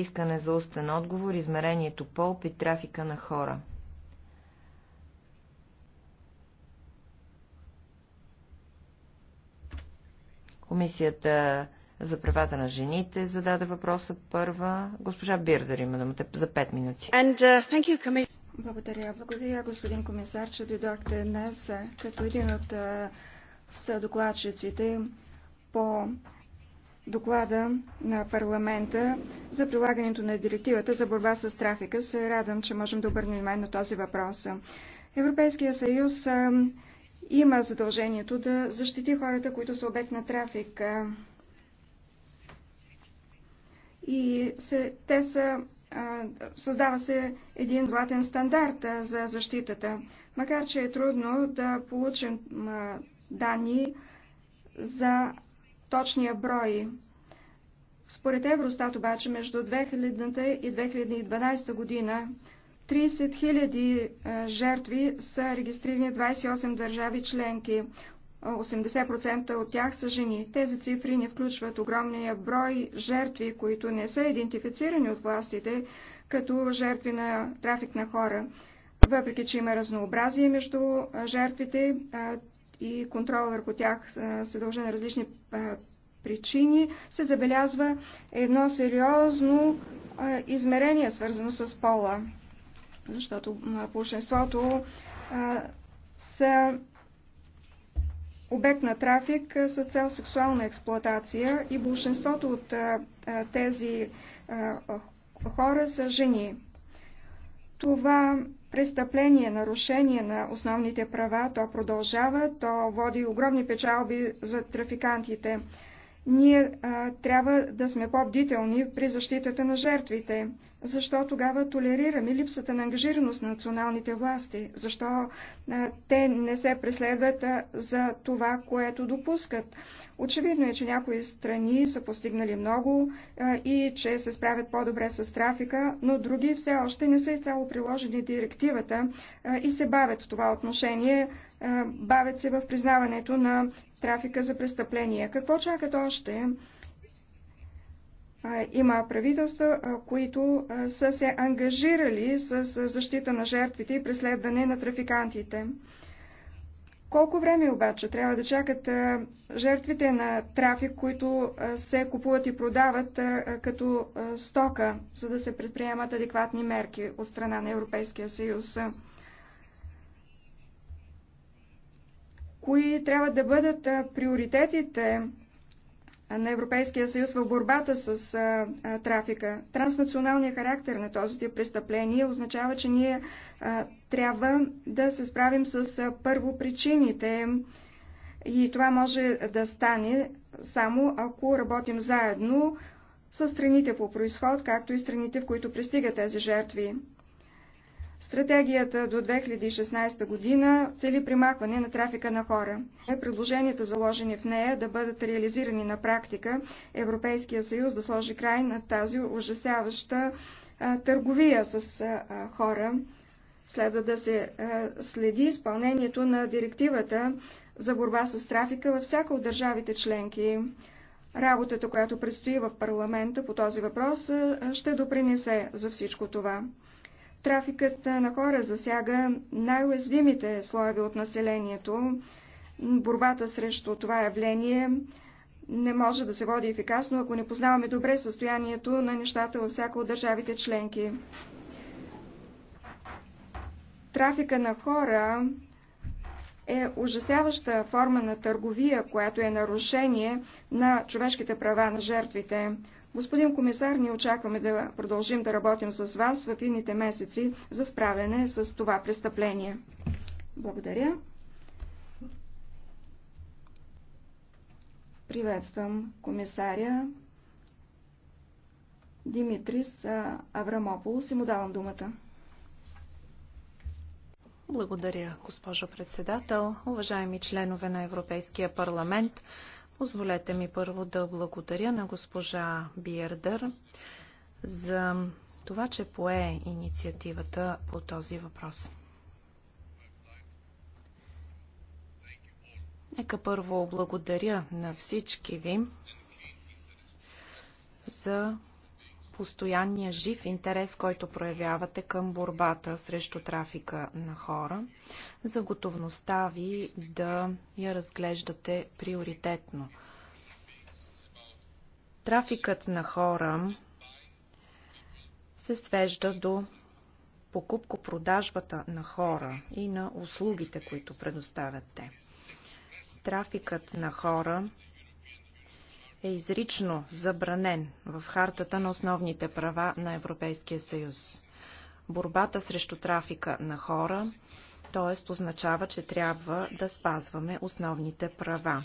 Искане за устен отговор, измерението пол при трафика на хора. Комисията за правата на жените зададе въпроса първа. Госпожа Бирдър има думата за 5 минути. And, uh, you, благодаря. Благодаря, господин комисар, че дойдохте днес като един от съдокладчиците по доклада на парламента за прилагането на директивата за борба с трафика. Се радвам, че можем да обърнем внимание на този въпрос. Европейския съюз има задължението да защити хората, които са обект на трафик. И се, те са, създава се един златен стандарт за защитата. Макар, че е трудно да получим данни за точния брой. Според Евростат обаче между 2000 и 2012 година 30 000 е, жертви са регистрирани 28 държави членки. 80% от тях са жени. Тези цифри не включват огромния брой жертви, които не са идентифицирани от властите като жертви на трафик на хора. Въпреки, че има разнообразие между е, жертвите, е, и контрола върху тях се дължи на различни причини, се забелязва едно сериозно измерение, свързано с пола. Защото полушенството са обект на трафик с цел сексуална експлоатация и большинството от тези хора са жени. Това престъпление, нарушение на основните права, то продължава, то води огромни печалби за трафикантите ние а, трябва да сме по-бдителни при защитата на жертвите. Защо тогава толерираме липсата на ангажираност на националните власти? Защо а, те не се преследват а, за това, което допускат? Очевидно е, че някои страни са постигнали много а, и че се справят по-добре с трафика, но други все още не са изцяло приложени директивата а, и се бавят в това отношение, а, бавят се в признаването на трафика за престъпления. Какво чакат още? Има правителства, които са се ангажирали с защита на жертвите и преследване на трафикантите. Колко време обаче трябва да чакат жертвите на трафик, които се купуват и продават като стока, за да се предприемат адекватни мерки от страна на Европейския съюз? кои трябва да бъдат приоритетите на Европейския съюз в борбата с а, а, трафика. Транснационалният характер на този тип престъпление означава, че ние а, трябва да се справим с а, първо причините и това може да стане само ако работим заедно с страните по происход, както и страните, в които пристигат тези жертви. Стратегията до 2016 година цели примахване на трафика на хора. Е, предложенията, заложени в нея, да бъдат реализирани на практика, Европейския съюз да сложи край на тази ужасяваща търговия с хора. Следва да се следи изпълнението на директивата за борба с трафика във всяка от държавите членки. Работата, която предстои в парламента по този въпрос, ще допринесе за всичко това. Трафикът на хора засяга най-уязвимите слоеве от населението. Борбата срещу това явление не може да се води ефикасно, ако не познаваме добре състоянието на нещата във всяка от държавите членки. Трафика на хора е ужасяваща форма на търговия, която е нарушение на човешките права на жертвите. Господин комисар, ние очакваме да продължим да работим с вас в едните месеци за справяне с това престъпление. Благодаря. Приветствам комисаря Димитрис Аврамополос и му давам думата. Благодаря, госпожо председател, уважаеми членове на Европейския парламент. Позволете ми първо да благодаря на госпожа Биердър за това, че пое инициативата по този въпрос. Нека първо благодаря на всички ви за постоянния жив интерес, който проявявате към борбата срещу трафика на хора, за готовността ви да я разглеждате приоритетно. Трафикът на хора се свежда до покупко-продажбата на хора и на услугите, които предоставят те. Трафикът на хора е изрично забранен в Хартата на основните права на Европейския съюз. Борбата срещу трафика на хора, т.е. означава, че трябва да спазваме основните права.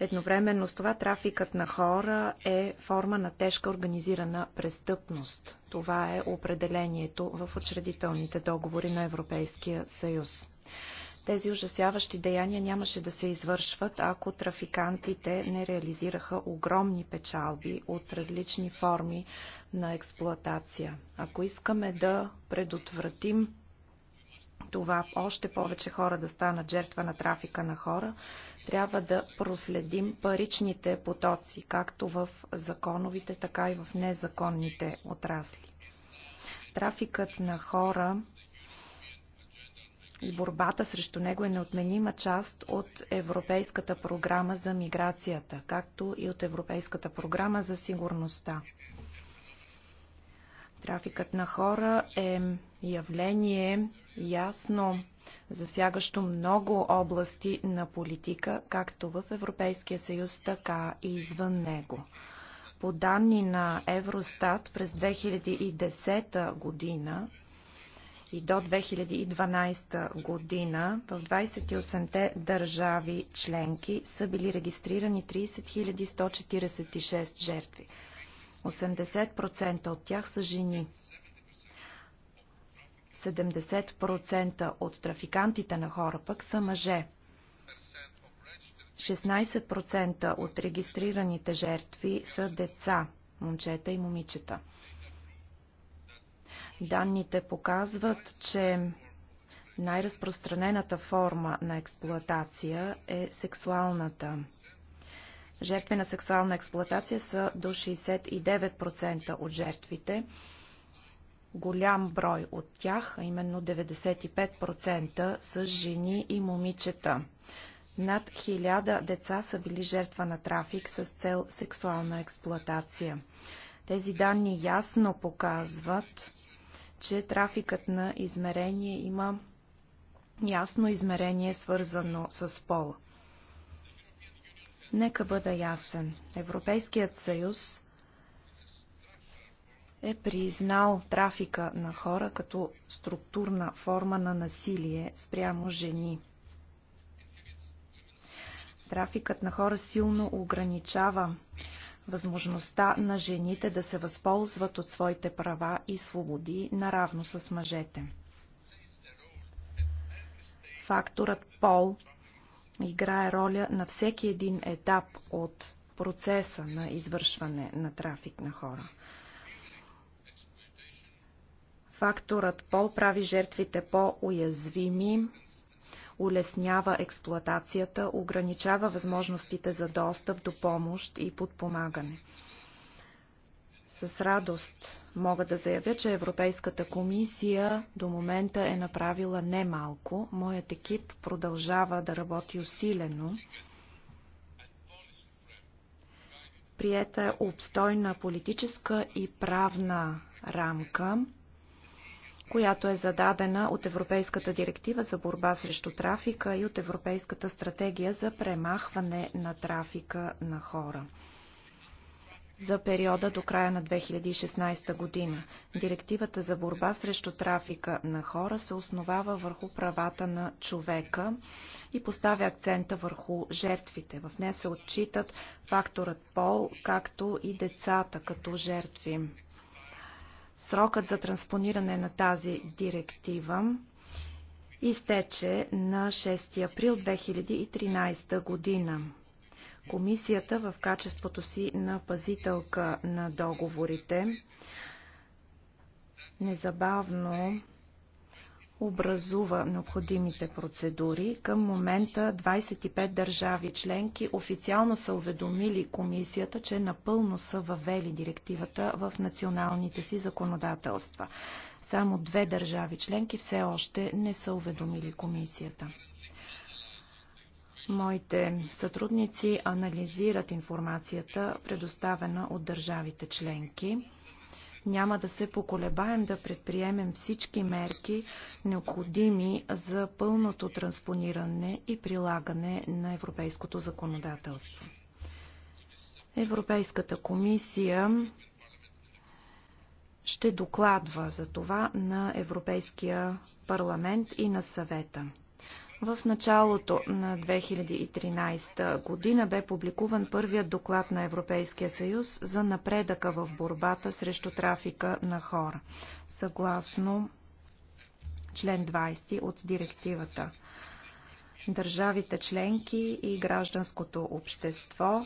Едновременно с това трафикът на хора е форма на тежка организирана престъпност. Това е определението в учредителните договори на Европейския съюз. Тези ужасяващи деяния нямаше да се извършват, ако трафикантите не реализираха огромни печалби от различни форми на експлоатация. Ако искаме да предотвратим това още повече хора да станат жертва на трафика на хора, трябва да проследим паричните потоци, както в законовите, така и в незаконните отрасли. Трафикът на хора и борбата срещу него е неотменима част от Европейската програма за миграцията, както и от Европейската програма за сигурността. Трафикът на хора е явление ясно засягащо много области на политика, както в Европейския съюз, така и извън него. По данни на Евростат през 2010 година, и до 2012 година в 28-те държави членки са били регистрирани 30 146 жертви. 80% от тях са жени. 70% от трафикантите на хора пък са мъже. 16% от регистрираните жертви са деца, момчета и момичета. Данните показват, че най-разпространената форма на експлоатация е сексуалната. Жертви на сексуална експлоатация са до 69% от жертвите. Голям брой от тях, а именно 95% са жени и момичета. Над 1000 деца са били жертва на трафик с цел сексуална експлоатация. Тези данни ясно показват, че трафикът на измерение има ясно измерение, свързано с пола. Нека бъда ясен. Европейският съюз е признал трафика на хора като структурна форма на насилие спрямо жени. Трафикът на хора силно ограничава възможността на жените да се възползват от своите права и свободи наравно с мъжете. Факторът пол играе роля на всеки един етап от процеса на извършване на трафик на хора. Факторът пол прави жертвите по-уязвими, улеснява експлоатацията, ограничава възможностите за достъп до помощ и подпомагане. С радост мога да заявя, че Европейската комисия до момента е направила немалко. Моят екип продължава да работи усилено. Приета е обстойна политическа и правна рамка, която е зададена от Европейската директива за борба срещу трафика и от Европейската стратегия за премахване на трафика на хора за периода до края на 2016 година. Директивата за борба срещу трафика на хора се основава върху правата на човека и поставя акцента върху жертвите. В нея се отчитат факторът пол, както и децата като жертви. Срокът за транспониране на тази директива изтече на 6 април 2013 година. Комисията в качеството си на пазителка на договорите незабавно образува необходимите процедури. Към момента 25 държави членки официално са уведомили комисията, че напълно са въвели директивата в националните си законодателства. Само две държави членки все още не са уведомили комисията. Моите сътрудници анализират информацията, предоставена от държавите членки няма да се поколебаем да предприемем всички мерки, необходими за пълното транспониране и прилагане на европейското законодателство. Европейската комисия ще докладва за това на Европейския парламент и на съвета. В началото на 2013 година бе публикуван първият доклад на Европейския съюз за напредъка в борбата срещу трафика на хора, съгласно член 20 от директивата. Държавите членки и гражданското общество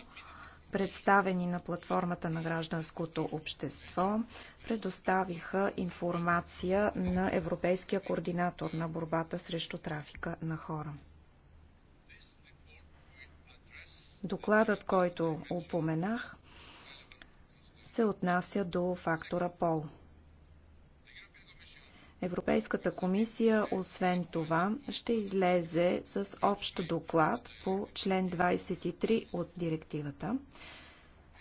представени на платформата на гражданското общество, предоставиха информация на Европейския координатор на борбата срещу трафика на хора. Докладът, който упоменах, се отнася до фактора пол. Европейската комисия, освен това, ще излезе с общ доклад по член 23 от директивата,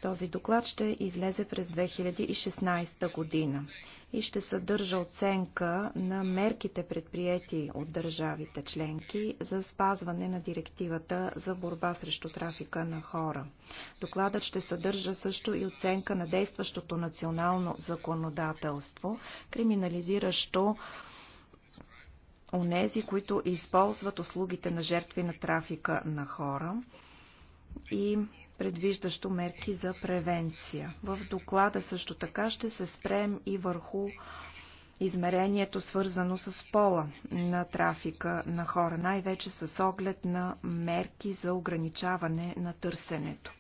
този доклад ще излезе през 2016 година и ще съдържа оценка на мерките предприяти от държавите членки за спазване на директивата за борба срещу трафика на хора. Докладът ще съдържа също и оценка на действащото национално законодателство, криминализиращо онези, които използват услугите на жертви на трафика на хора, и предвиждащо мерки за превенция. В доклада също така ще се спрем и върху измерението свързано с пола на трафика на хора, най-вече с оглед на мерки за ограничаване на търсенето.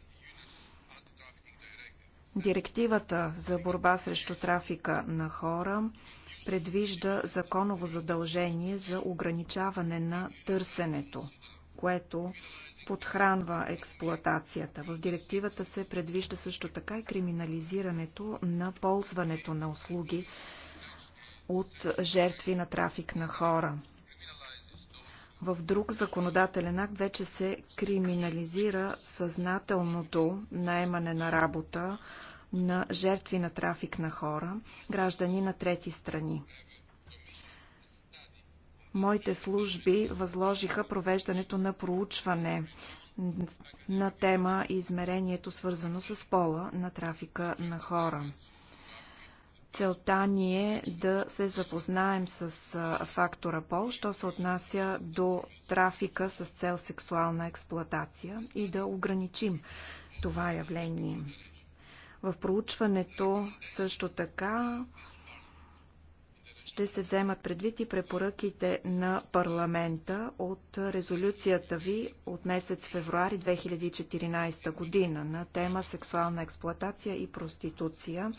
Директивата за борба срещу трафика на хора предвижда законово задължение за ограничаване на търсенето, което подхранва експлоатацията. В директивата се предвижда също така и криминализирането на ползването на услуги от жертви на трафик на хора. В друг законодателен акт вече се криминализира съзнателното наемане на работа на жертви на трафик на хора, граждани на трети страни моите служби възложиха провеждането на проучване на тема и измерението свързано с пола на трафика на хора. Целта ни е да се запознаем с фактора пол, що се отнася до трафика с цел сексуална експлоатация и да ограничим това явление. В проучването също така ще се вземат предвид и препоръките на парламента от резолюцията ви от месец февруари 2014 година на тема сексуална експлоатация и проституция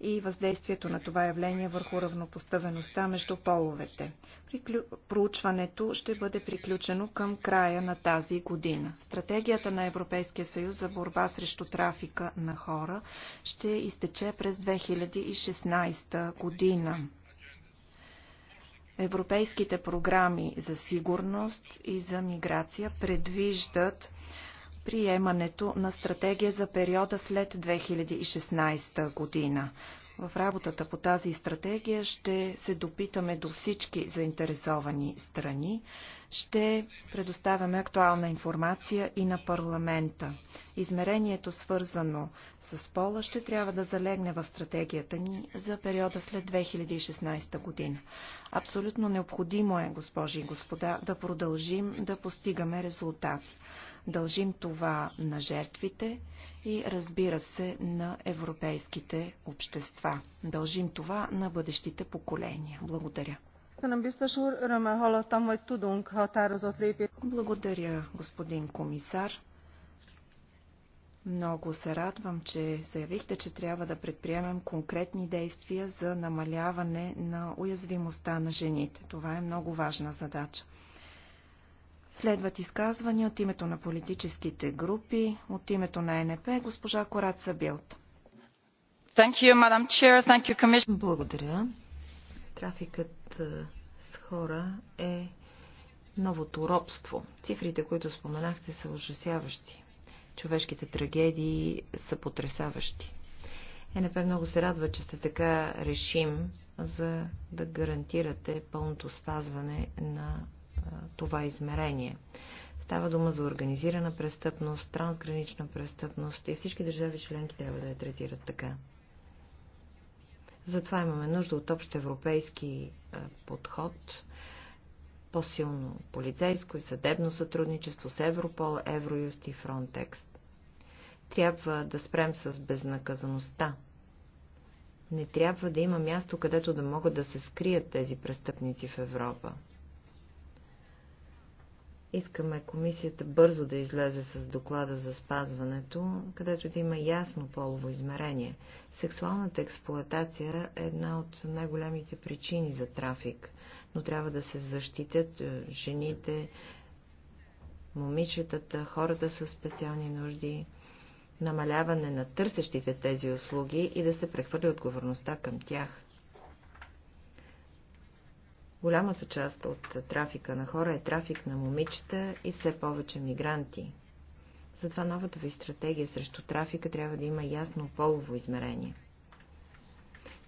и въздействието на това явление върху равнопоставеността между половете. Приклю... Проучването ще бъде приключено към края на тази година. Стратегията на Европейския съюз за борба срещу трафика на хора ще изтече през 2016 година. Европейските програми за сигурност и за миграция предвиждат приемането на стратегия за периода след 2016 година. В работата по тази стратегия ще се допитаме до всички заинтересовани страни, ще предоставяме актуална информация и на парламента. Измерението, свързано с пола, ще трябва да залегне в стратегията ни за периода след 2016 година. Абсолютно необходимо е, госпожи и господа, да продължим да постигаме резултати. Дължим това на жертвите и разбира се на европейските общества. Дължим това на бъдещите поколения. Благодаря. Благодаря, господин комисар. Много се радвам, че заявихте, че трябва да предприемем конкретни действия за намаляване на уязвимостта на жените. Това е много важна задача. Следват изказвания от името на политическите групи, от името на НП, госпожа Кораца Билт. Благодаря. Трафикът е, с хора е новото робство. Цифрите, които споменахте, са ужасяващи. Човешките трагедии са потрясаващи. ЕНП много се радва, че сте така решим, за да гарантирате пълното спазване на е, това измерение. Става дума за организирана престъпност, трансгранична престъпност и всички държави членки трябва да я третират така. Затова имаме нужда от общ европейски подход, по-силно полицейско и съдебно сътрудничество с Европол, Евроюст и Фронтекст. Трябва да спрем с безнаказаността. Не трябва да има място, където да могат да се скрият тези престъпници в Европа. Искаме комисията бързо да излезе с доклада за спазването, където да има ясно полово измерение. Сексуалната експлоатация е една от най-големите причини за трафик, но трябва да се защитят е, жените, момичетата, хората с специални нужди, намаляване на търсещите тези услуги и да се прехвърли отговорността към тях – Голямата част от трафика на хора е трафик на момичета и все повече мигранти. Затова новата ви стратегия срещу трафика трябва да има ясно полово измерение.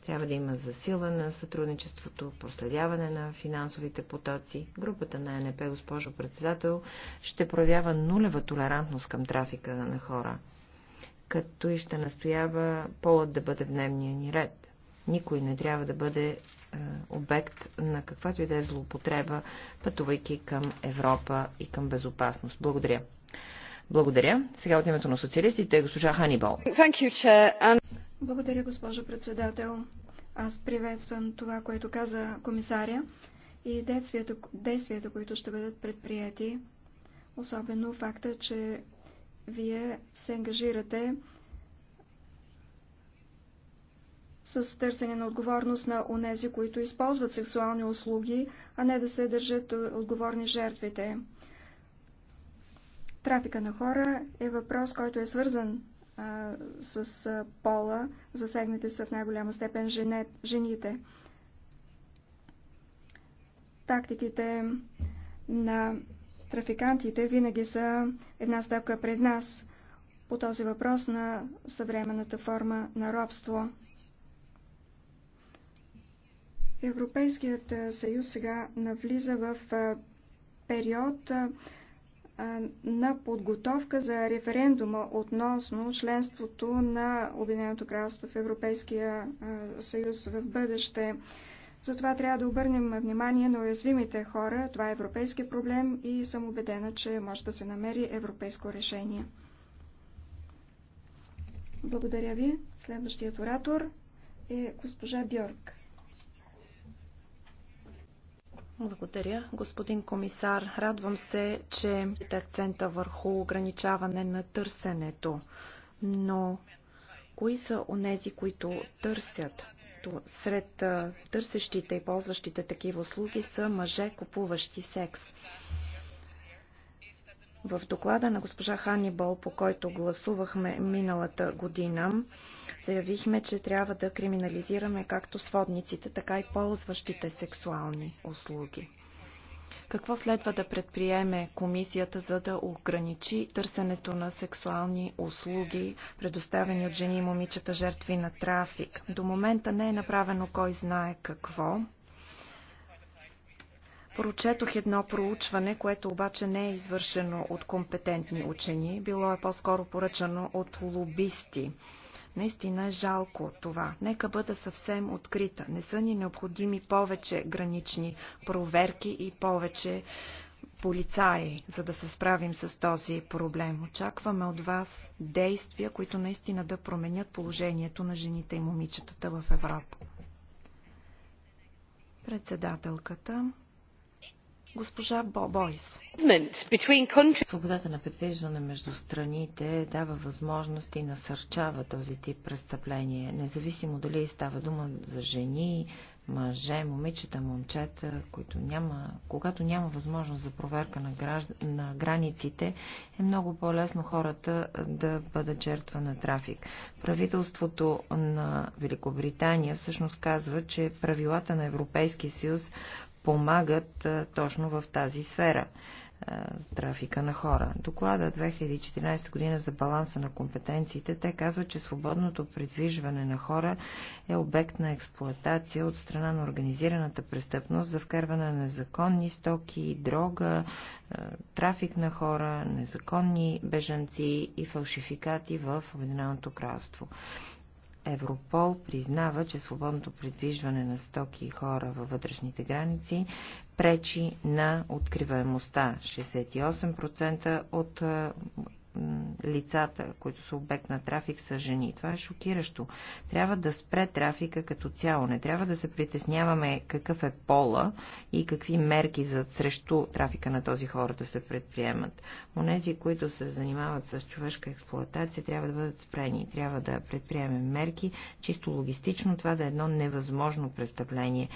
Трябва да има засилване на сътрудничеството, проследяване на финансовите потоци. Групата на НП, госпожо председател, ще проявява нулева толерантност към трафика на хора, като и ще настоява полът да бъде в дневния ни ред. Никой не трябва да бъде е, обект на каквато и да е злоупотреба, пътувайки към Европа и към безопасност. Благодаря. Благодаря. Сега от името на социалистите, госпожа Ханибол. Благодаря, госпожо председател. Аз приветствам това, което каза комисаря и действията, действията които ще бъдат предприяти. Особено факта, че вие се ангажирате с търсене на отговорност на онези, които използват сексуални услуги, а не да се държат е, отговорни жертвите. Трафика на хора е въпрос, който е свързан а, с а, пола. Засегнати са в най-голяма степен жене, жените. Тактиките на трафикантите винаги са една стъпка пред нас по този въпрос на съвременната форма на робство. Европейският съюз сега навлиза в период на подготовка за референдума относно членството на Обединеното кралство в Европейския съюз в бъдеще. Затова трябва да обърнем внимание на уязвимите хора. Това е европейски проблем и съм убедена, че може да се намери европейско решение. Благодаря ви. Следващият оратор е госпожа Бьорк. Благодаря, господин комисар. Радвам се, че акцента върху ограничаване на търсенето. Но кои са онези, които търсят? Сред търсещите и ползващите такива услуги са мъже, купуващи секс. В доклада на госпожа Бол, по който гласувахме миналата година, заявихме, че трябва да криминализираме както сводниците, така и ползващите сексуални услуги. Какво следва да предприеме комисията, за да ограничи търсенето на сексуални услуги, предоставени от жени и момичета жертви на трафик? До момента не е направено кой знае какво. Прочетох едно проучване, което обаче не е извършено от компетентни учени, било е по-скоро поръчано от лобисти. Наистина е жалко това. Нека бъда съвсем открита. Не са ни необходими повече гранични проверки и повече полицаи, за да се справим с този проблем. Очакваме от вас действия, които наистина да променят положението на жените и момичетата в Европа. Председателката Госпожа Бо Бойс. Свободата на предвиждане между страните дава възможност и насърчава този тип престъпление, независимо дали става дума за жени, мъже, момичета, момчета, които няма, когато няма възможност за проверка на, гражд... на границите, е много по-лесно хората да бъдат жертва на трафик. Правителството на Великобритания всъщност казва, че правилата на Европейския съюз помагат точно в тази сфера трафика на хора. Доклада 2014 година за баланса на компетенциите, те казват, че свободното придвижване на хора е обект на експлоатация от страна на организираната престъпност за вкарване на незаконни стоки, дрога, трафик на хора, незаконни бежанци и фалшификати в Обединеното кралство. Европол признава, че свободното придвижване на стоки и хора във вътрешните граници пречи на откриваемостта. 68% от лицата, които са обект на трафик, са жени. Това е шокиращо. Трябва да спре трафика като цяло. Не трябва да се притесняваме какъв е пола и какви мерки за срещу трафика на този хора да се предприемат. Онези, които се занимават с човешка експлоатация, трябва да бъдат спрени. Трябва да предприемем мерки. Чисто логистично това да е едно невъзможно престъпление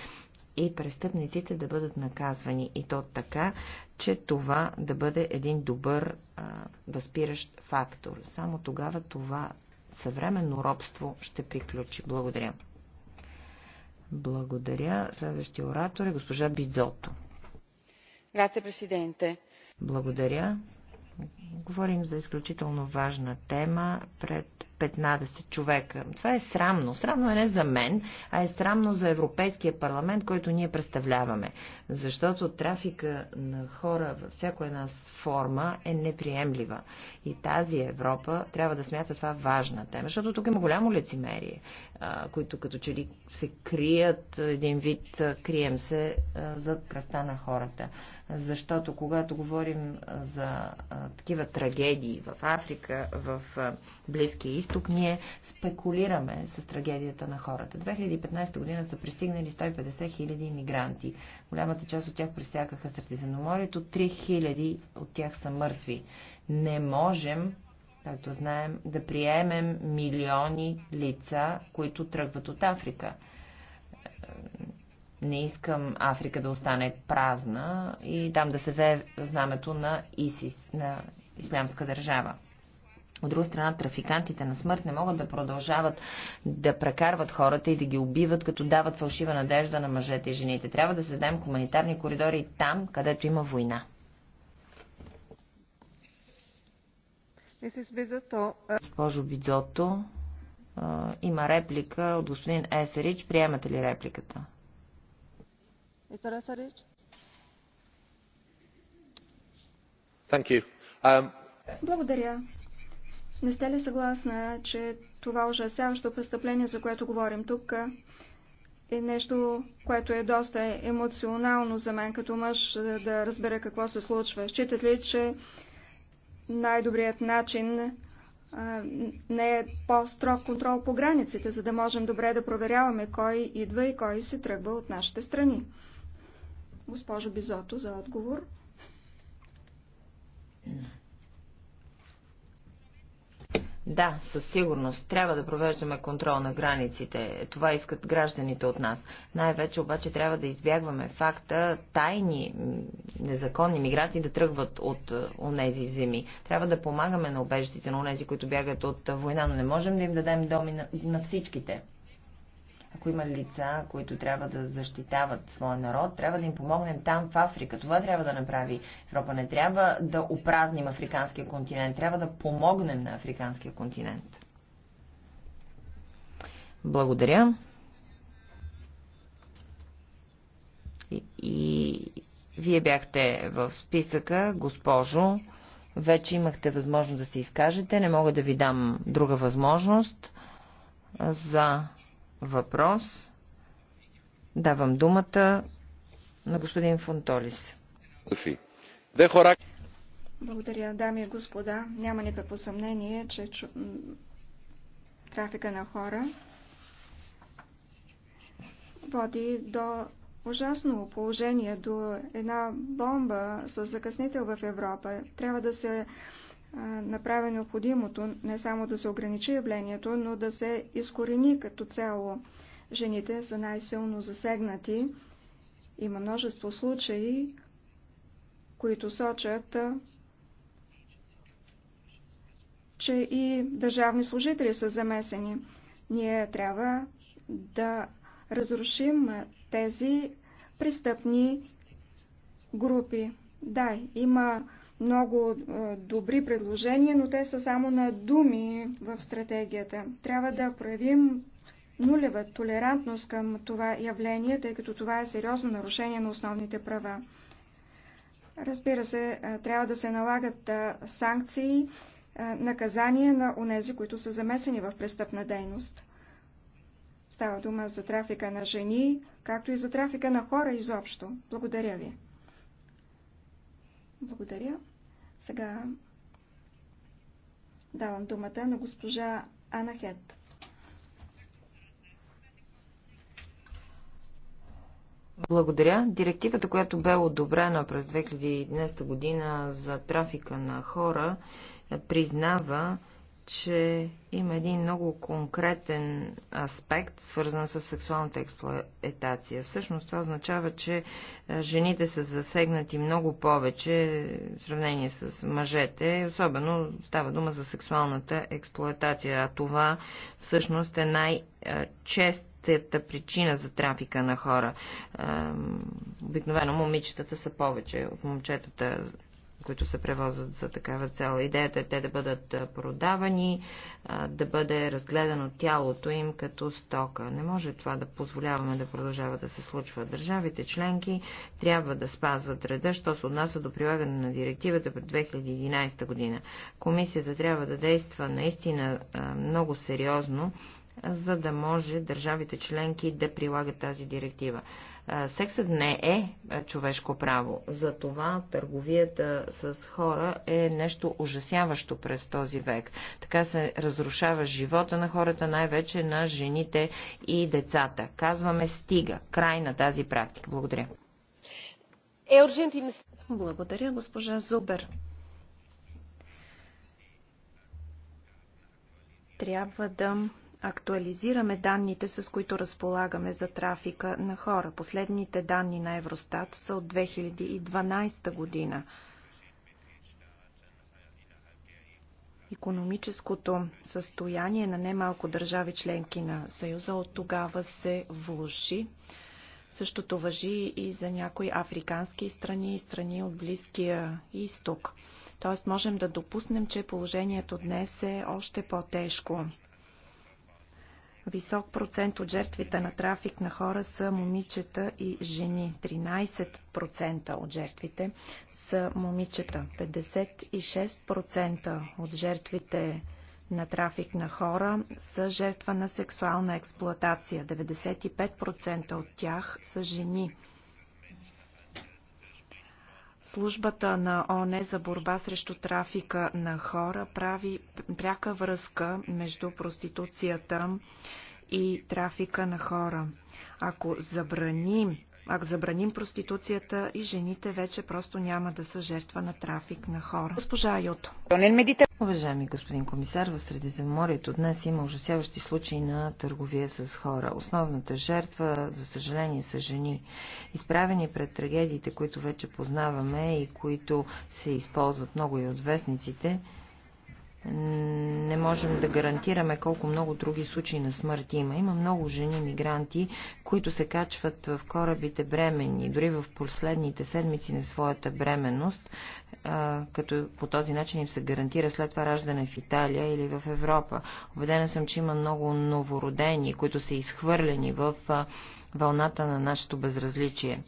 и престъпниците да бъдат наказвани. И то така, че това да бъде един добър а, възпиращ фактор. Само тогава това съвременно робство ще приключи. Благодаря. Благодаря. Следващия оратор е госпожа Бидзото. Грация, президенте. Благодаря. Говорим за изключително важна тема пред 15 човека. Това е срамно. Срамно е не за мен, а е срамно за Европейския парламент, който ние представляваме. Защото трафика на хора във всяко една форма е неприемлива. И тази Европа трябва да смята това важна тема, защото тук има голямо лицемерие, които като че ли се крият един вид, крием се зад кръвта на хората. Защото когато говорим за такива трагедии в Африка, в Близкия изток ние спекулираме с трагедията на хората. 2015 година са пристигнали 150 хиляди иммигранти. Голямата част от тях пресякаха Средиземноморието. 3 хиляди от тях са мъртви. Не можем както знаем, да приемем милиони лица, които тръгват от Африка. Не искам Африка да остане празна и там да се ве знамето на ИСИС, на Ислямска държава. От друга страна, трафикантите на смърт не могат да продължават да прекарват хората и да ги убиват, като дават фалшива надежда на мъжете и жените. Трябва да създадем хуманитарни коридори там, където има война. Госпожо Бидзото, има реплика от господин Есерич. Приемате ли репликата? Um, Благодаря. Не сте ли съгласна, че това ужасяващо престъпление, за което говорим тук, е нещо, което е доста емоционално за мен като мъж да разбера какво се случва. Считат ли, че най-добрият начин а, не е по-строг контрол по границите, за да можем добре да проверяваме кой идва и кой се тръгва от нашите страни? Госпожо Бизото за отговор. Е, да, със сигурност. Трябва да провеждаме контрол на границите. Това искат гражданите от нас. Най-вече обаче трябва да избягваме факта тайни незаконни миграции да тръгват от е, онези земи. Трябва да помагаме на обеждите, на онези, които бягат от е, война, но не можем да им дадем доми на, на всичките ако има лица, които трябва да защитават своя народ, трябва да им помогнем там, в Африка. Това трябва да направи Европа. Не трябва да опразним африканския континент, трябва да помогнем на африканския континент. Благодаря. И, и вие бяхте в списъка, госпожо. Вече имахте възможност да се изкажете. Не мога да ви дам друга възможност за въпрос. Давам думата на господин Фонтолис. Благодаря, дами и господа. Няма никакво съмнение, че чу... трафика на хора води до ужасно положение, до една бомба с закъснител в Европа. Трябва да се Направя необходимото не само да се ограничи явлението, но да се изкорени като цяло. Жените са най-силно засегнати. Има множество случаи, които сочат, че и държавни служители са замесени. Ние трябва да разрушим тези престъпни групи. Да, има много добри предложения, но те са само на думи в стратегията. Трябва да проявим нулева толерантност към това явление, тъй като това е сериозно нарушение на основните права. Разбира се, трябва да се налагат санкции, наказания на онези, които са замесени в престъпна дейност. Става дума за трафика на жени, както и за трафика на хора изобщо. Благодаря ви. Благодаря. Сега давам думата на госпожа Ана Хет. Благодаря. Директивата, която бе одобрена през 2011 година за трафика на хора, признава, че има един много конкретен аспект, свързан с сексуалната експлоатация. Всъщност това означава, че е, жените са засегнати много повече в сравнение с мъжете, особено става дума за сексуалната експлоатация, а това всъщност е най-честата причина за трафика на хора. Обикновено момичетата са повече от момчетата които се превозват за такава цел. Идеята е те да бъдат продавани, да бъде разгледано тялото им като стока. Не може това да позволяваме да продължава да се случва. Държавите членки трябва да спазват реда, що се отнася до прилагане на директивата пред 2011 година. Комисията трябва да действа наистина много сериозно за да може държавите членки да прилагат тази директива. Сексът не е човешко право. Затова търговията с хора е нещо ужасяващо през този век. Така се разрушава живота на хората, най-вече на жените и децата. Казваме стига, край на тази практика. Благодаря. Е, Благодаря, госпожа Зубер. Трябва да актуализираме данните, с които разполагаме за трафика на хора. Последните данни на Евростат са от 2012 година. Економическото състояние на немалко държави членки на Съюза от тогава се влуши. Същото въжи и за някои африкански страни и страни от Близкия изток. Тоест можем да допуснем, че положението днес е още по-тежко. Висок процент от жертвите на трафик на хора са момичета и жени. 13% от жертвите са момичета. 56% от жертвите на трафик на хора са жертва на сексуална експлоатация. 95% от тях са жени. Службата на ОН за борба срещу трафика на хора прави пряка връзка между проституцията и трафика на хора. Ако забраним ако забраним проституцията и жените вече просто няма да са жертва на трафик на хора. Госпожа Йото. Уважаеми господин комисар, в Средиземморието днес има ужасяващи случаи на търговия с хора. Основната жертва, за съжаление, са жени. Изправени пред трагедиите, които вече познаваме и които се използват много и от вестниците, не можем да гарантираме колко много други случаи на смърт има. Има много жени мигранти, които се качват в корабите бремени, дори в последните седмици на своята бременност, като по този начин им се гарантира след това раждане в Италия или в Европа. Обедена съм, че има много новородени, които са изхвърлени в вълната на нашето безразличие.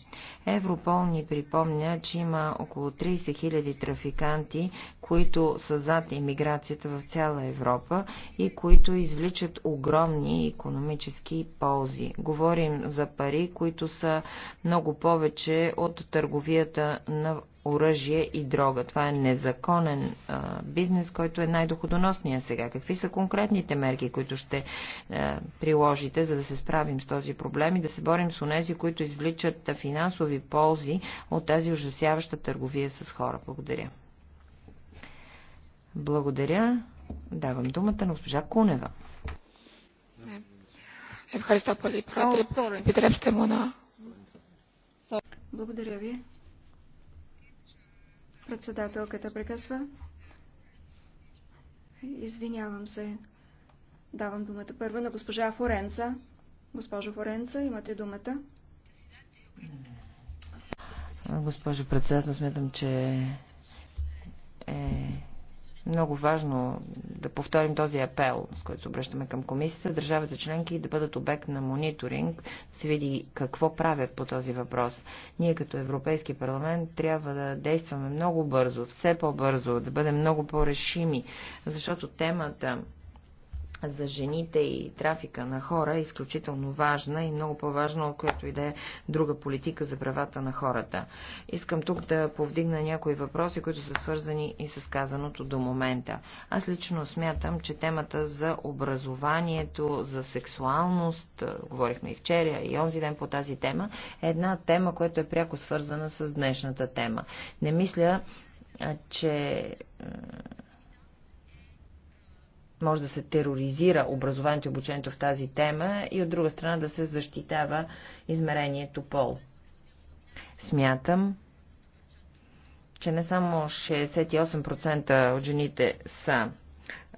Европол ни припомня, че има около 30 000 трафиканти, които са зад иммиграцията в цяла Европа и които извличат огромни економически ползи. Говорим за пари, които са много повече от търговията на оръжие и дрога. Това е незаконен а, бизнес, който е най-доходоносния сега. Какви са конкретните мерки, които ще а, приложите, за да се справим с този проблем и да се борим с онези, които извличат финансови ползи от тази ужасяваща търговия с хора? Благодаря. Благодаря. Давам думата на госпожа Кунева. Благодаря ви. Председателката прекъсва. Извинявам се. Давам думата първа на госпожа Форенца. Госпожо Форенца, имате думата. Госпожо председател, смятам, че е много важно да повторим този апел, с който се обръщаме към комисията, държавите членки да бъдат обект на мониторинг, да се види какво правят по този въпрос. Ние като Европейски парламент трябва да действаме много бързо, все по-бързо, да бъдем много по-решими, защото темата за жените и трафика на хора е изключително важна и много по-важна, от която и да е друга политика за правата на хората. Искам тук да повдигна някои въпроси, които са свързани и с казаното до момента. Аз лично смятам, че темата за образованието, за сексуалност, говорихме и вчера, и онзи ден по тази тема, е една тема, която е пряко свързана с днешната тема. Не мисля, че може да се тероризира образованието и обучението в тази тема и от друга страна да се защитава измерението пол. Смятам, че не само 68% от жените са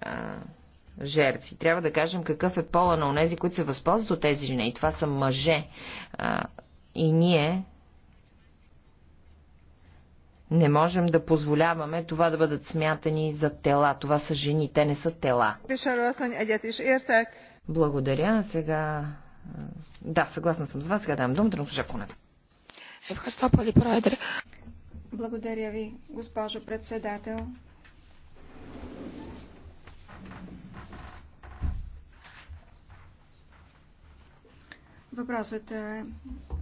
а, жертви. Трябва да кажем какъв е пола на онези, които се възползват от тези жени. И това са мъже. А, и ние не можем да позволяваме това да бъдат смятани за тела. Това са жени, те не са тела. Благодаря. Сега... Да, съгласна съм с вас. Сега давам думата на госпожа Благодаря ви, госпожо председател. Въпросът е,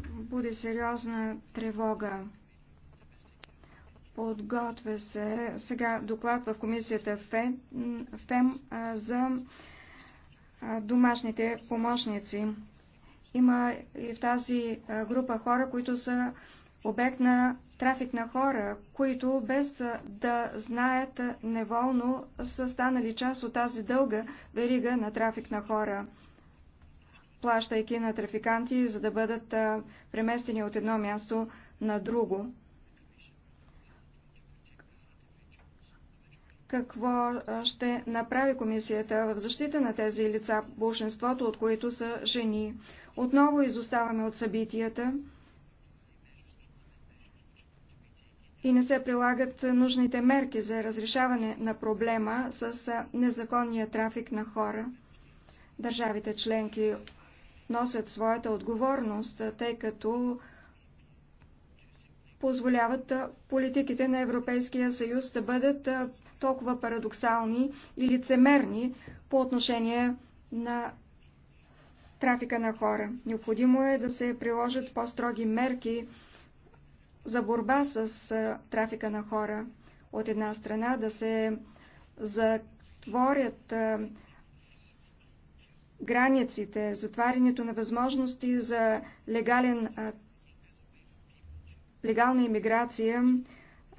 буде сериозна тревога. Подготвя се сега доклад в комисията ФЕМ, ФЕМ за домашните помощници. Има и в тази група хора, които са обект на трафик на хора, които без да знаят неволно са станали част от тази дълга верига на трафик на хора, плащайки на трафиканти, за да бъдат преместени от едно място на друго. какво ще направи комисията в защита на тези лица, большинството от които са жени. Отново изоставаме от събитията и не се прилагат нужните мерки за разрешаване на проблема с незаконния трафик на хора. Държавите членки носят своята отговорност, тъй като позволяват политиките на Европейския съюз да бъдат толкова парадоксални и лицемерни по отношение на трафика на хора. Необходимо е да се приложат по-строги мерки за борба с трафика на хора. От една страна да се затворят границите, затварянето на възможности за легален легална иммиграция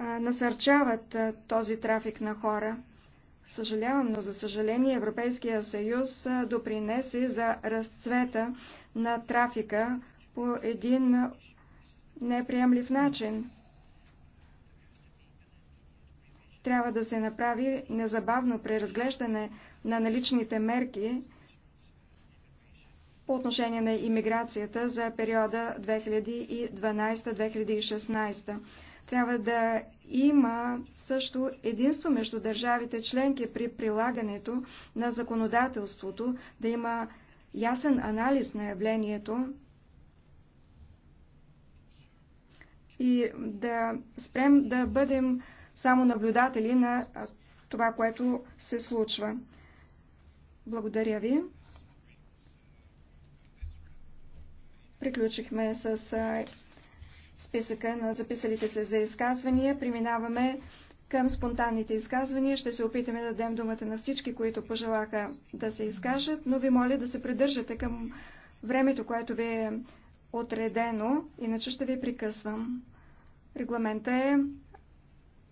насърчават този трафик на хора. Съжалявам, но за съжаление Европейския съюз допринесе за разцвета на трафика по един неприемлив начин. Трябва да се направи незабавно преразглеждане на наличните мерки, по отношение на иммиграцията за периода 2012-2016. Трябва да има също единство между държавите членки при прилагането на законодателството, да има ясен анализ на явлението и да спрем да бъдем само наблюдатели на това, което се случва. Благодаря ви. Приключихме с списъка на записалите се за изказвания. Преминаваме към спонтанните изказвания. Ще се опитаме да дадем думата на всички, които пожелаха да се изкажат, но ви моля да се придържате към времето, което ви е отредено, иначе ще ви прекъсвам. Регламента е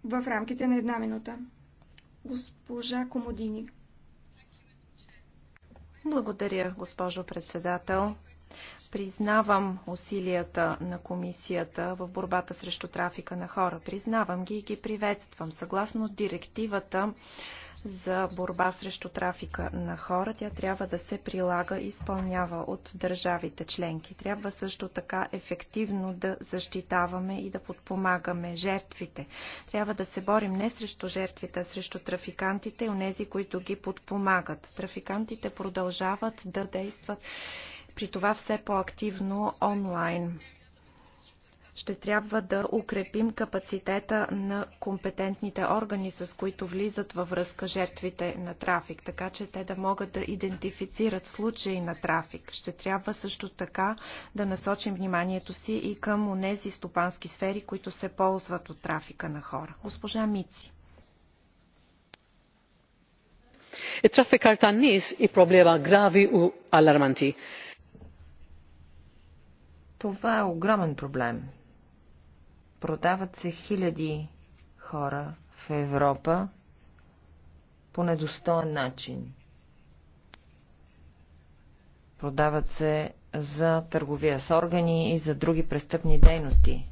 в рамките на една минута. Госпожа Комодини. Благодаря, госпожо председател. Признавам усилията на комисията в борбата срещу трафика на хора. Признавам ги и ги приветствам. Съгласно директивата за борба срещу трафика на хора, тя трябва да се прилага и изпълнява от държавите членки. Трябва също така ефективно да защитаваме и да подпомагаме жертвите. Трябва да се борим не срещу жертвите, а срещу трафикантите и онези, които ги подпомагат. Трафикантите продължават да действат при това все по-активно онлайн. Ще трябва да укрепим капацитета на компетентните органи, с които влизат във връзка жертвите на трафик, така че те да могат да идентифицират случаи на трафик. Ще трябва също така да насочим вниманието си и към онези стопански сфери, които се ползват от трафика на хора. Госпожа Мици. Трафикът e traffikar tan-nies hi e problema това е огромен проблем. Продават се хиляди хора в Европа по недостоен начин. Продават се за търговия с органи и за други престъпни дейности.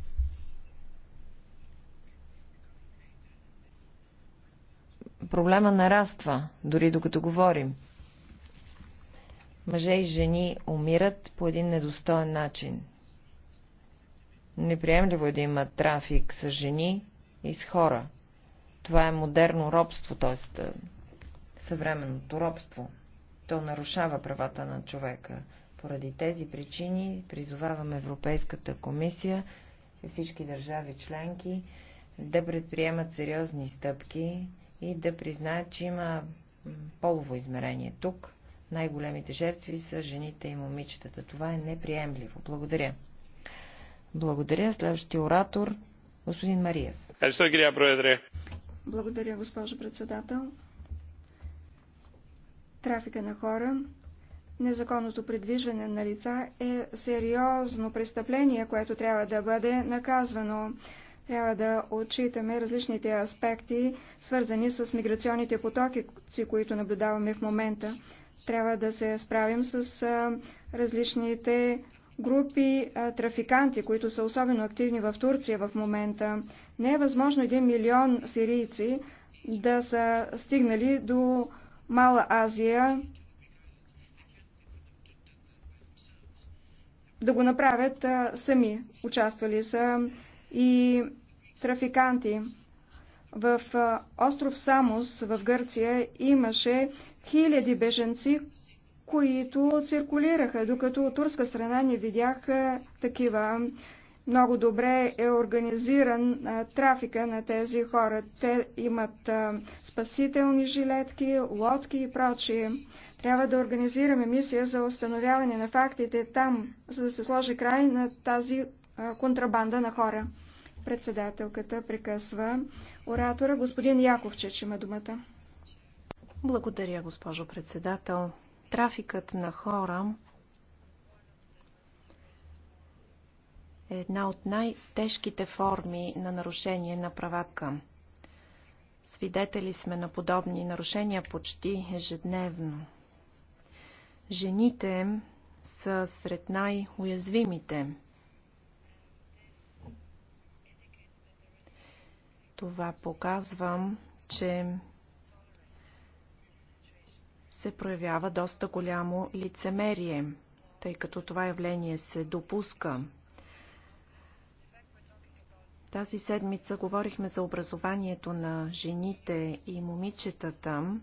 Проблема нараства, дори докато говорим. Мъже и жени умират по един недостоен начин. Неприемливо е да има трафик с жени и с хора. Това е модерно робство, т.е. Е, съвременното робство. То нарушава правата на човека. Поради тези причини призовавам Европейската комисия и всички държави членки да предприемат сериозни стъпки и да признаят, че има полово измерение тук. Най-големите жертви са жените и момичетата. Това е неприемливо. Благодаря. Благодаря. Следващия оратор, господин Мариес. Благодаря, госпожо председател. Трафика на хора, незаконното придвижване на лица е сериозно престъпление, което трябва да бъде наказвано. Трябва да отчитаме различните аспекти, свързани с миграционните потоки, които наблюдаваме в момента. Трябва да се справим с различните групи а, трафиканти, които са особено активни в Турция в момента. Не е възможно един милион сирийци да са стигнали до Мала Азия, да го направят а, сами. Участвали са и трафиканти. В а, остров Самос в Гърция имаше хиляди беженци, които циркулираха, докато от турска страна не видяха такива. Много добре е организиран а, трафика на тези хора. Те имат а, спасителни жилетки, лодки и прочие. Трябва да организираме мисия за установяване на фактите там, за да се сложи край на тази а, контрабанда на хора. Председателката прекъсва оратора. Господин Яковчеч, има думата. Благодаря, госпожо председател. Трафикът на хора е една от най-тежките форми на нарушение на правата. Свидетели сме на подобни нарушения почти ежедневно. Жените са сред най-уязвимите. Това показвам, че се проявява доста голямо лицемерие, тъй като това явление се допуска. Тази седмица говорихме за образованието на жените и момичетата,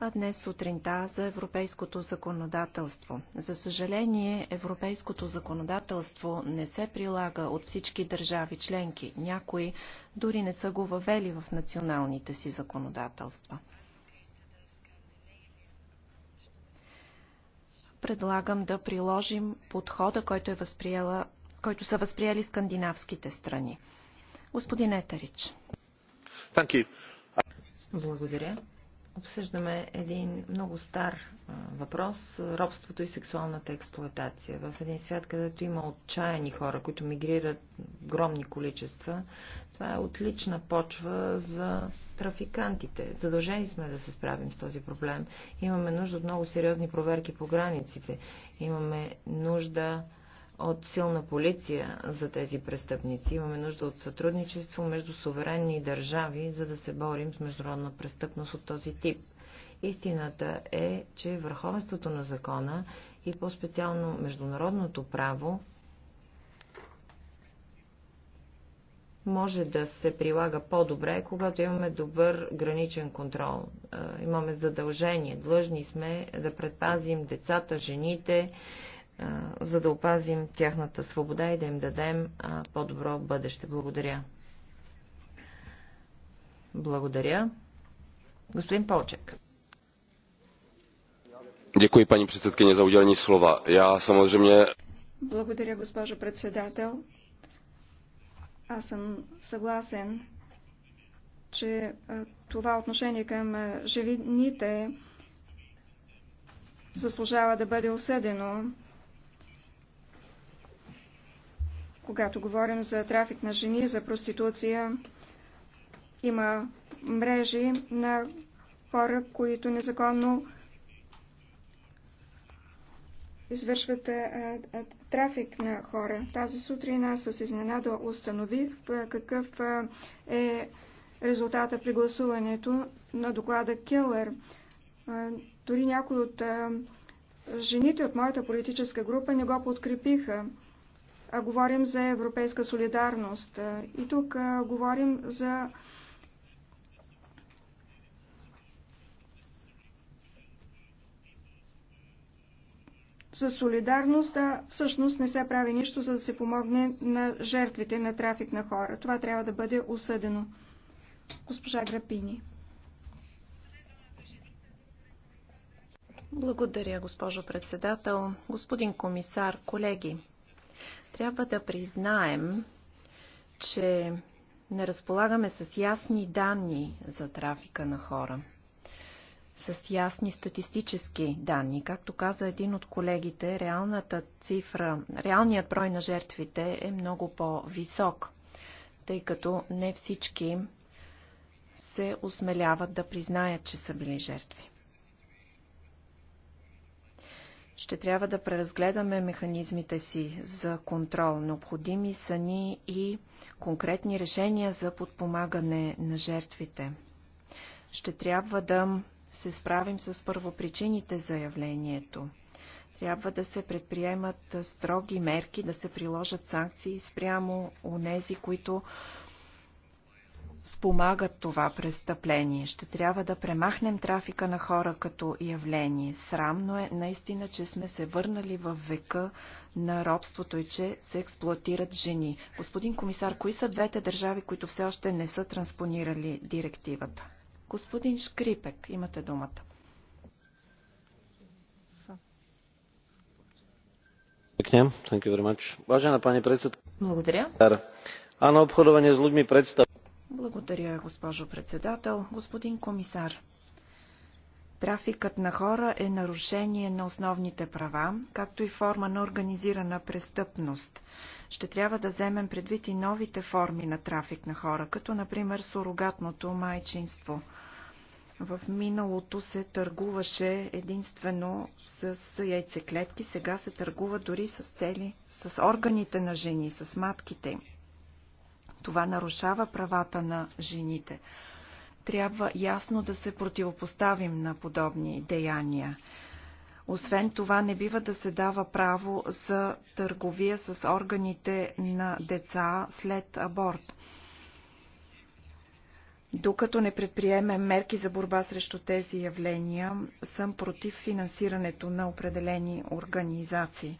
а днес сутринта за европейското законодателство. За съжаление, европейското законодателство не се прилага от всички държави членки. Някои дори не са го въвели в националните си законодателства. предлагам да приложим подхода, който, е възприела, който са възприели скандинавските страни. Господин Етерич. Благодаря обсъждаме един много стар въпрос – робството и сексуалната експлоатация. В един свят, където има отчаяни хора, които мигрират огромни количества, това е отлична почва за трафикантите. Задължени сме да се справим с този проблем. Имаме нужда от много сериозни проверки по границите. Имаме нужда от силна полиция за тези престъпници. Имаме нужда от сътрудничество между суверенни държави, за да се борим с международна престъпност от този тип. Истината е, че върховенството на закона и по-специално международното право може да се прилага по-добре, когато имаме добър граничен контрол. Е, имаме задължение, длъжни сме да предпазим децата, жените, за да опазим тяхната свобода и да им дадем по-добро бъдеще. Благодаря. Благодаря. Господин Полчек. Děkuji, paní předsedkyně, za udělení slova. Já samozřejmě... Благодаря, госпожо председател. Аз съм съгласен, че това отношение към живините заслужава да бъде осъдено. когато говорим за трафик на жени, за проституция. Има мрежи на хора, които незаконно извършват а, а, трафик на хора. Тази сутрин аз с изненада установих а, какъв а, е резултата при гласуването на доклада Келър. дори някои от а, жените от моята политическа група не го подкрепиха а говорим за европейска солидарност. И тук говорим за за солидарност, а всъщност не се прави нищо, за да се помогне на жертвите на трафик на хора. Това трябва да бъде осъдено. Госпожа Грапини. Благодаря, госпожо председател. Господин комисар, колеги, трябва да признаем, че не разполагаме с ясни данни за трафика на хора. С ясни статистически данни. Както каза един от колегите, реалната цифра, реалният брой на жертвите е много по-висок, тъй като не всички се осмеляват да признаят, че са били жертви. Ще трябва да преразгледаме механизмите си за контрол. Необходими са ни и конкретни решения за подпомагане на жертвите. Ще трябва да се справим с първопричините за явлението. Трябва да се предприемат строги мерки, да се приложат санкции спрямо у нези, които спомагат това престъпление. Ще трябва да премахнем трафика на хора като явление. Срамно е наистина, че сме се върнали в века на робството и че се експлуатират жени. Господин комисар, кои са двете държави, които все още не са транспонирали директивата? Господин Шкрипек, имате думата. Благодаря. Благодаря. Ано обходование с людьми представ... Благодаря, госпожо председател. Господин комисар, Трафикът на хора е нарушение на основните права, както и форма на организирана престъпност. Ще трябва да вземем предвид и новите форми на трафик на хора, като например сурогатното майчинство. В миналото се търгуваше единствено с яйцеклетки, сега се търгува дори с цели, с органите на жени, с матките им. Това нарушава правата на жените. Трябва ясно да се противопоставим на подобни деяния. Освен това, не бива да се дава право за търговия с органите на деца след аборт. Докато не предприемем мерки за борба срещу тези явления, съм против финансирането на определени организации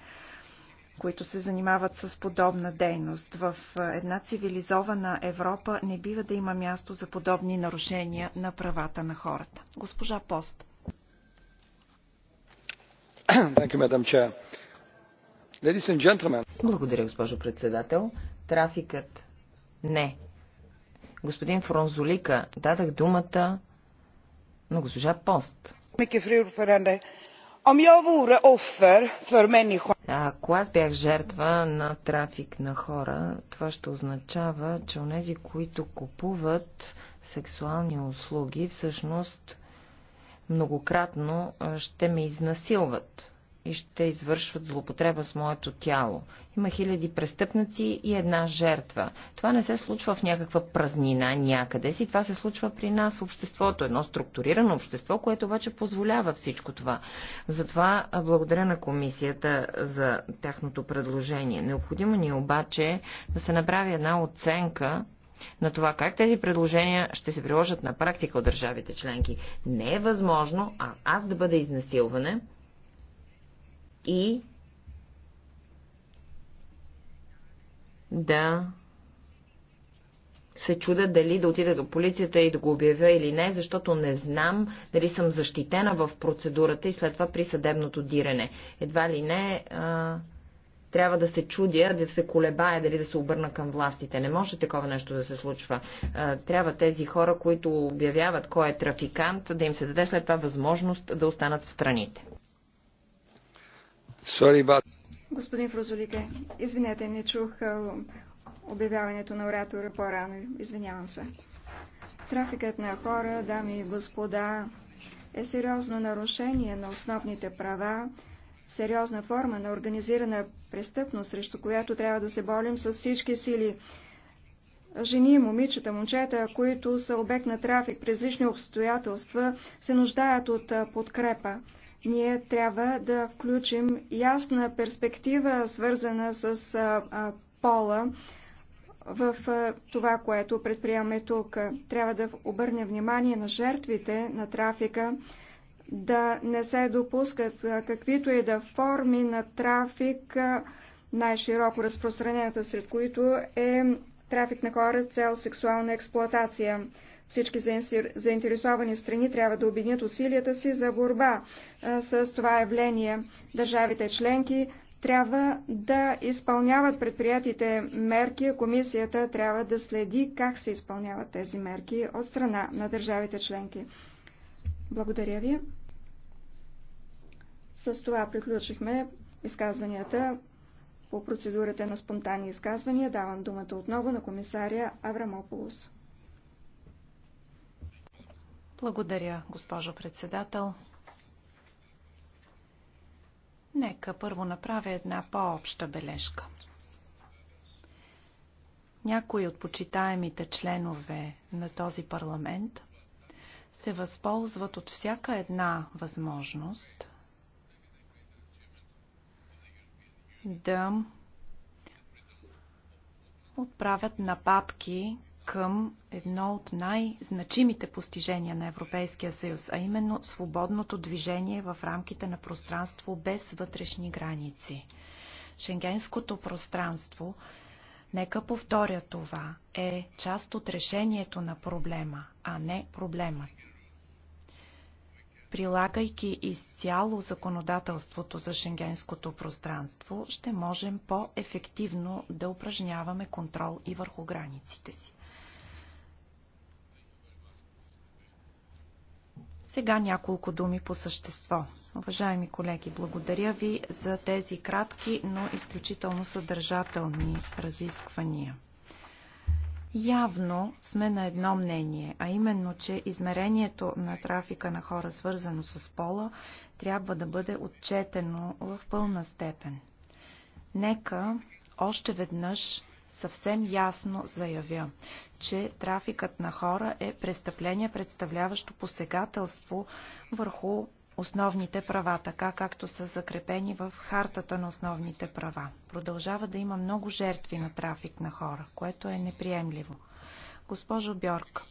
които се занимават с подобна дейност. В една цивилизована Европа не бива да има място за подобни нарушения на правата на хората. Госпожа Пост. Благодаря, госпожо председател. Трафикът не. Господин Фронзолика, дадах думата на госпожа Пост. Mycket, fru ordförande. Ако аз бях жертва на трафик на хора, това ще означава, че онези, които купуват сексуални услуги, всъщност многократно ще ме изнасилват и ще извършват злопотреба с моето тяло. Има хиляди престъпници и една жертва. Това не се случва в някаква празнина някъде си, това се случва при нас в обществото, едно структурирано общество, което обаче позволява всичко това. Затова благодаря на комисията за тяхното предложение. Необходимо ни е обаче да се направи една оценка на това как тези предложения ще се приложат на практика от държавите членки. Не е възможно, а аз да бъда изнасилване, и да се чуда дали да отида до полицията и да го обявя или не, защото не знам дали съм защитена в процедурата и след това при съдебното дирене. Едва ли не а, трябва да се чудя, да се колебая дали да се обърна към властите. Не може такова нещо да се случва. А, трябва тези хора, които обявяват кой е трафикант, да им се даде след това възможност да останат в страните. Sorry, but... Господин Фрузолике, извинете, не чух обявяването на оратора по-рано. Извинявам се. Трафикът на хора, дами и господа, е сериозно нарушение на основните права, сериозна форма на организирана престъпност, срещу която трябва да се борим с всички сили. Жени, момичета, момчета, които са обект на трафик през лични обстоятелства, се нуждаят от подкрепа ние трябва да включим ясна перспектива, свързана с пола в това, което предприемаме тук. Трябва да обърнем внимание на жертвите на трафика, да не се допускат каквито и да форми на трафик, най-широко разпространената сред които е трафик на хора с цел сексуална експлоатация. Всички заинтересовани страни трябва да обединят усилията си за борба с това явление. Държавите членки трябва да изпълняват предприятите мерки, комисията трябва да следи как се изпълняват тези мерки от страна на държавите членки. Благодаря ви. С това приключихме изказванията по процедурата на спонтанни изказвания. Давам думата отново на комисаря Аврамополус. Благодаря, госпожо председател. Нека първо направя една по-обща бележка. Някои от почитаемите членове на този парламент се възползват от всяка една възможност да отправят нападки към едно от най-значимите постижения на Европейския съюз, а именно свободното движение в рамките на пространство без вътрешни граници. Шенгенското пространство, нека повторя това, е част от решението на проблема, а не проблема. Прилагайки изцяло законодателството за шенгенското пространство, ще можем по-ефективно да упражняваме контрол и върху границите си. Сега няколко думи по същество. Уважаеми колеги, благодаря ви за тези кратки, но изключително съдържателни разисквания. Явно сме на едно мнение, а именно, че измерението на трафика на хора, свързано с пола, трябва да бъде отчетено в пълна степен. Нека още веднъж съвсем ясно заявя, че трафикът на хора е престъпление, представляващо посегателство върху основните права, така както са закрепени в хартата на основните права. Продължава да има много жертви на трафик на хора, което е неприемливо. Госпожо Бьорк,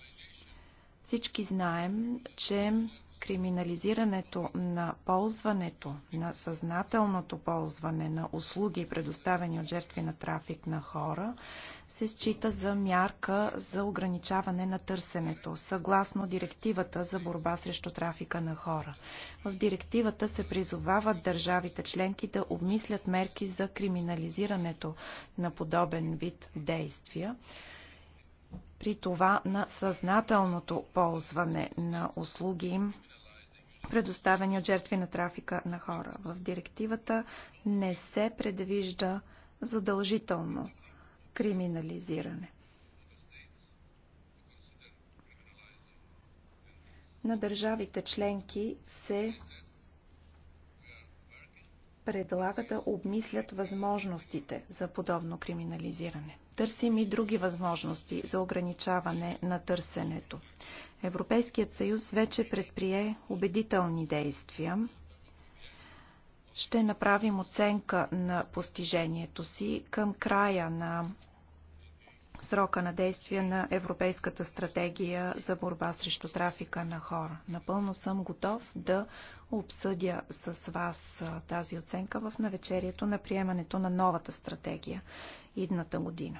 всички знаем, че криминализирането на ползването, на съзнателното ползване на услуги, предоставени от жертви на трафик на хора, се счита за мярка за ограничаване на търсенето, съгласно директивата за борба срещу трафика на хора. В директивата се призовават държавите членки да обмислят мерки за криминализирането на подобен вид действия при това на съзнателното ползване на услуги им предоставени от жертви на трафика на хора. В директивата не се предвижда задължително криминализиране. На държавите членки се предлага да обмислят възможностите за подобно криминализиране. Търсим и други възможности за ограничаване на търсенето. Европейският съюз вече предприе убедителни действия. Ще направим оценка на постижението си към края на срока на действие на Европейската стратегия за борба срещу трафика на хора. Напълно съм готов да обсъдя с вас тази оценка в навечерието на приемането на новата стратегия идната година.